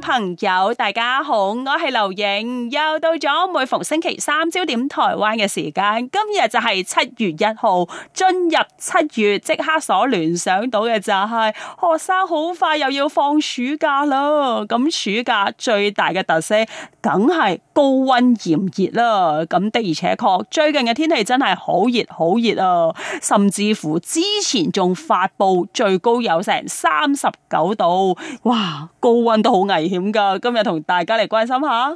朋友，大家好，我係劉瑩，又到咗每逢星期三焦點台灣嘅時間，今日就係七月一號，進入七月，即刻所聯想到嘅就係學生好快又要放暑假啦。咁暑假最大嘅特色，梗係高溫炎熱啦。咁的而且確，最近嘅天氣真係好熱好熱啊，甚至乎之前仲發佈最高有成三十九度，哇，高溫都好危險噶，今日同大家嚟關心下，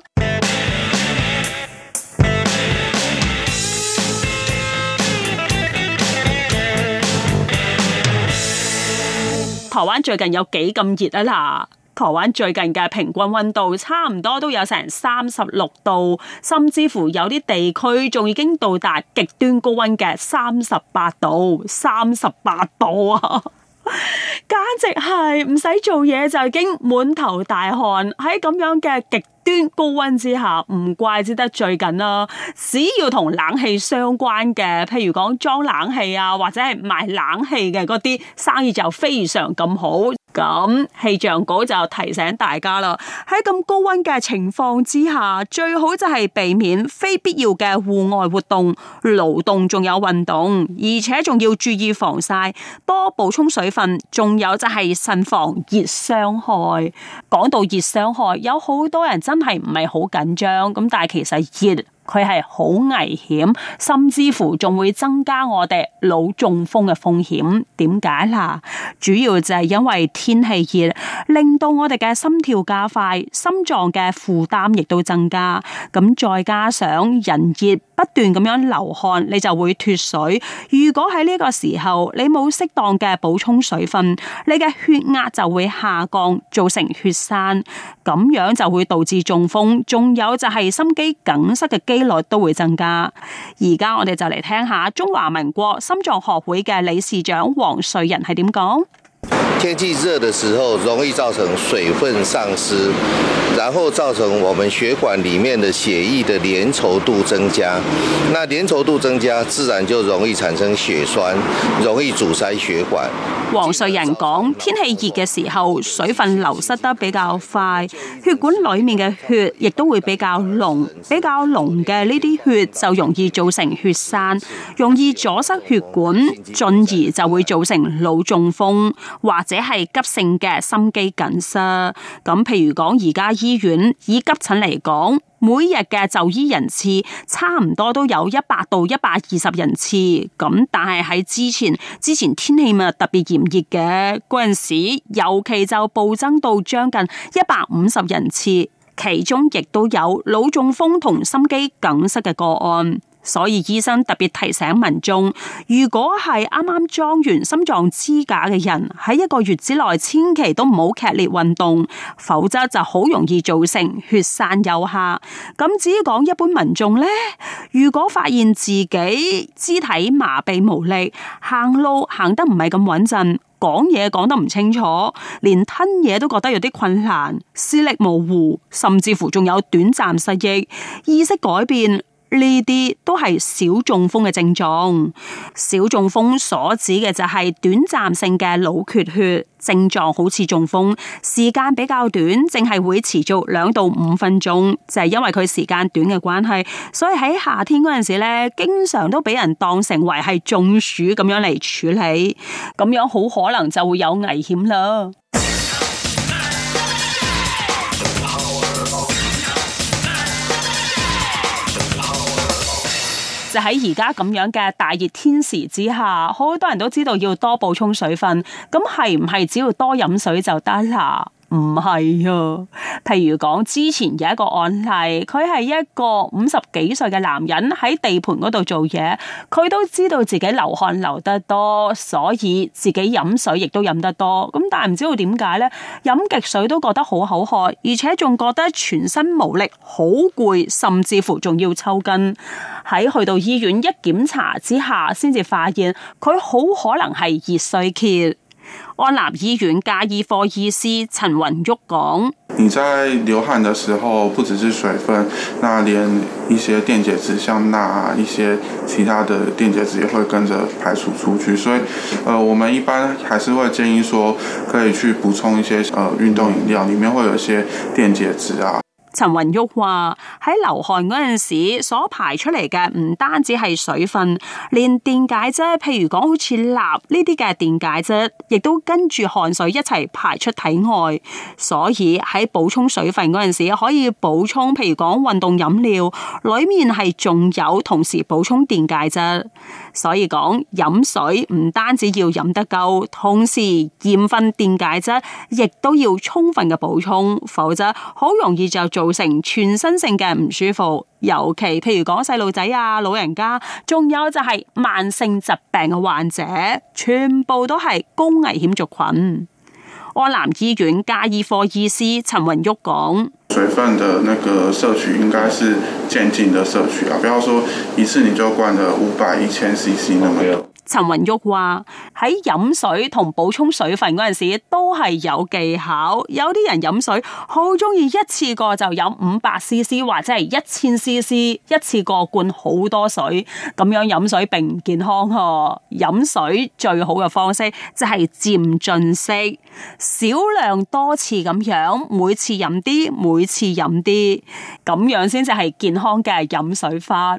台灣最近有幾咁熱啊。嗱，台灣最近嘅平均溫度差唔多都有成三十六度，甚至乎有啲地區仲已經到達極端高溫嘅三十八度，三十八度啊！簡直係唔使做嘢，就已經滿頭大汗，喺咁樣嘅極端高温之下，唔怪之得最近啦。只要同冷氣相關嘅，譬如講，裝冷氣啊，或者係賣冷氣嘅嗰啲生意就非常咁好。咁氣象局就提醒大家啦，喺咁高温嘅情況之下，最好就係避免非必要嘅戶外活動、勞動仲有運動，而且仲要注意防曬、多補充水分，仲有就係慎防熱傷害。講到熱傷害，有好多人真係唔係好緊張，咁但係其實熱。佢係好危險，甚至乎仲會增加我哋腦中風嘅風險。點解啦？主要就係因為天氣熱，令到我哋嘅心跳加快，心臟嘅負擔亦都增加。咁再加上人熱不斷咁樣流汗，你就會脫水。如果喺呢個時候你冇適當嘅補充水分，你嘅血壓就會下降，造成血栓，咁樣就會導致中風。仲有就係心肌梗塞嘅機以來都會增加，而家我哋就嚟聽下中華民國心臟學會嘅理事長黃瑞仁係點講。天氣熱嘅時候，容易造成水分喪失，然後造成我們血管裏面的血液的粘稠度增加。那粘稠度增加，自然就容易產生血栓，容易阻塞血管。黃瑞仁講：天氣熱嘅時候，水分流失得比較快，血管裏面嘅血亦都會比較濃。比較濃嘅呢啲血就容易造成血栓，容易阻塞血管，進而就會造成腦中風，或。或者係急性嘅心肌梗塞咁，譬如講而家醫院以急診嚟講，每日嘅就醫人次差唔多都有一百到一百二十人次咁，但係喺之前之前天氣咪特別炎熱嘅嗰陣時，尤其就暴增到將近一百五十人次，其中亦都有腦中風同心肌梗塞嘅個案。所以醫生特別提醒民眾，如果係啱啱裝完心臟支架嘅人，喺一個月之內千祈都唔好劇烈運動，否則就好容易造成血栓誘發。咁至於講一般民眾呢，如果發現自己肢體麻痹無力、行路行得唔係咁穩陣、講嘢講得唔清楚、連吞嘢都覺得有啲困難、視力模糊，甚至乎仲有短暫失憶、意識改變。呢啲都係小中風嘅症狀，小中風所指嘅就係短暫性嘅腦缺血症狀，好似中風，時間比較短，淨係會持續兩到五分鐘，就係因為佢時間短嘅關係，所以喺夏天嗰陣時咧，經常都俾人當成為係中暑咁樣嚟處理，咁樣好可能就會有危險啦。就喺而家咁樣嘅大熱天時之下，好多人都知道要多補充水分，咁係唔係只要多飲水就得喇？唔係啊，譬如講之前有一個案例，佢係一個五十幾歲嘅男人喺地盤嗰度做嘢，佢都知道自己流汗流得多，所以自己飲水亦都飲得多。咁但係唔知道點解呢？飲極水都覺得好口渴，而且仲覺得全身無力、好攰，甚至乎仲要抽筋。喺去到醫院一檢查之下，先至發現佢好可能係熱衰竭。.安南醫院家醫科醫師陳雲旭講：你在流汗的時候，不只是水分，那連一些電解質，像鈉啊，一些其他的電解質也會跟着排除出去，所以，呃，我們一般還是會建議說，可以去補充一些，呃，運動飲料，裏面會有一些電解質啊。陳雲旭話：喺流汗嗰陣時，所排出嚟嘅唔單止係水分，連電解質，譬如講好似鈉呢啲嘅電解質，亦都跟住汗水一齊排出體外。所以喺補充水分嗰陣時，可以補充，譬如講運動飲料，裏面係仲有同時補充電解質。所以講，飲水唔單止要飲得夠，同時鹽分、電解質亦都要充分嘅補充，否則好容易就做，造成全身性嘅唔舒服，尤其譬如講細路仔啊、老人家，仲有就係慢性疾病嘅患者，全部都係高危險族群。安南醫院家醫科醫師陳雲旭講：水分嘅那個攝取應該是漸進的攝取啊，不要說一次你就灌了五百一千 CC 那麼多。Okay. 陳雲旭話：喺飲水同補充水分嗰陣時，都係有技巧。有啲人飲水好中意一次過就飲五百 CC 或者係一千 CC 一次過灌好多水，咁樣飲水並唔健康，啊。嗬！飲水最好嘅方式就係漸進式，少量多次咁樣，每次飲啲，每次飲啲，咁樣先至係健康嘅飲水法。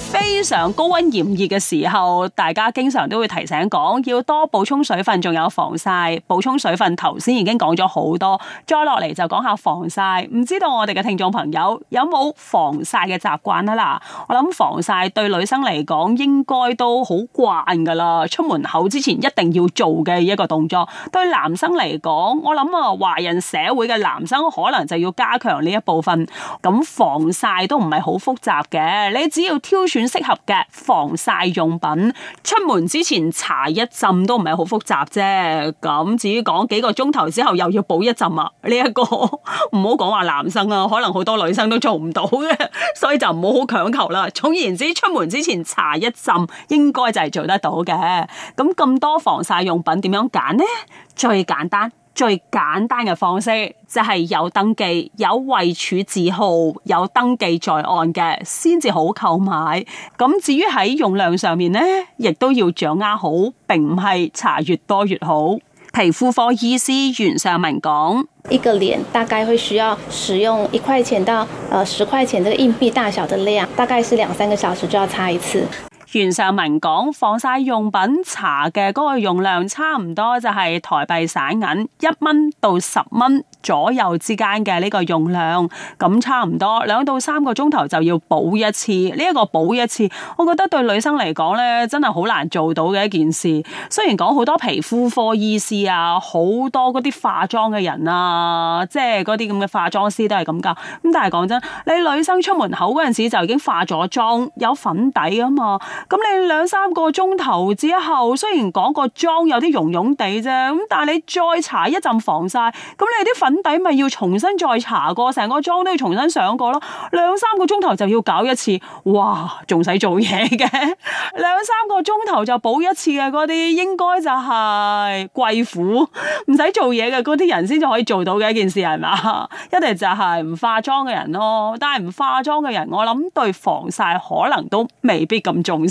非常高溫炎熱嘅時候，大家經常都會提醒講要多補充水分，仲有防曬。補充水分頭先已經講咗好多，再落嚟就講下防曬。唔知道我哋嘅聽眾朋友有冇防曬嘅習慣啊？嗱，我諗防曬對女生嚟講應該都好慣噶啦，出門口之前一定要做嘅一個動作。對男生嚟講，我諗啊，華人社會嘅男生可能就要加強呢一部分。咁防曬都唔係好複雜嘅，你只要挑選。適合嘅防曬用品，出門之前搽一浸都唔係好複雜啫。咁至於講幾個鐘頭之後又要補一浸啊，呢一個唔好講話男生啊，可能好多女生都做唔到嘅，所以就唔好好強求啦。總言之，出門之前搽一浸應該就係做得到嘅。咁咁多防曬用品點樣揀呢？最簡單。最簡單嘅方式就係有登記、有位處字號、有登記在案嘅先至好購買。咁至於喺用量上面呢，亦都要掌握好，並唔係搽越多越好。皮膚科醫師袁尚文講：一個臉大概會需要使用一塊錢到呃十塊錢這個硬幣大小的量，大概是兩三個小時就要擦一次。袁尚文講，防曬用品搽嘅嗰個用量差唔多就係台幣散銀一蚊到十蚊左右之間嘅呢個用量，咁差唔多兩到三個鐘頭就要補一次。呢一個補一次，我覺得對女生嚟講呢，真係好難做到嘅一件事。雖然講好多皮膚科醫師啊，好多嗰啲化妝嘅人啊，即係嗰啲咁嘅化妝師都係咁噶，咁但係講真，你女生出門口嗰陣時就已經化咗妝，有粉底啊嘛。咁你兩三個鐘頭之後，雖然講個妝有啲融融地啫，咁但係你再搽一陣防曬，咁你啲粉底咪要重新再搽過，成個妝都要重新上過咯。兩三個鐘頭就要搞一次，哇，仲使做嘢嘅？兩 三個鐘頭就補一次嘅嗰啲，應該就係貴婦，唔使做嘢嘅嗰啲人先至可以做到嘅一件事係嘛？ 一定就係唔化妝嘅人咯。但係唔化妝嘅人，我諗對防曬可能都未必咁重要。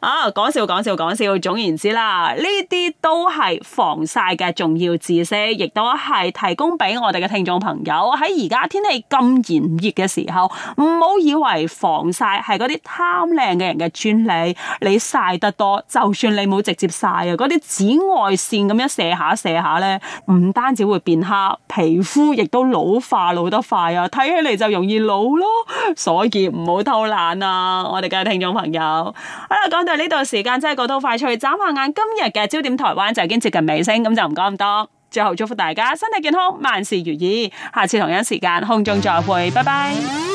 啊！講笑講笑講笑，總言之啦，呢啲都係防曬嘅重要知識，亦都係提供俾我哋嘅聽眾朋友喺而家天氣咁炎熱嘅時候，唔好以為防曬係嗰啲貪靚嘅人嘅專利，你曬得多，就算你冇直接曬啊，嗰啲紫外綫咁樣射下射下呢，唔單止會變黑，皮膚亦都老化老得快啊，睇起嚟，就容易老咯，所以唔好偷懶啊，我哋嘅聽眾朋友。好啦，講到呢度時間真係過得好快脆，眨下眼今日嘅焦點台灣就已經接近尾聲，咁就唔講咁多。最後祝福大家身體健康，萬事如意。下次同一時間空中再會，拜拜。